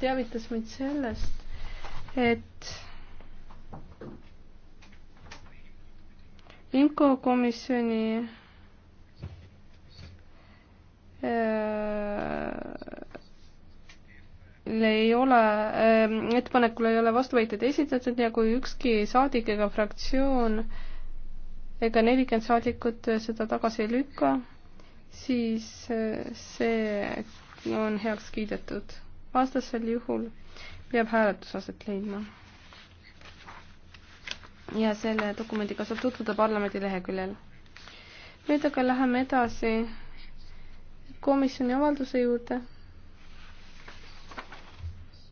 teavitas mind sellest, et IMCO komisjoni äh, ei ole, ähm, ettepanekul ei ole vastuväiteid esitatud ja kui ükski saadik ega fraktsioon ega nelikümmend saadikut seda tagasi ei lükka, siis äh, see on heaks kiidetud vastasel juhul peab hääletus aset leidma. ja selle dokumendiga saab tutvuda parlamendi leheküljel. nüüd aga läheme edasi komisjoni avalduse juurde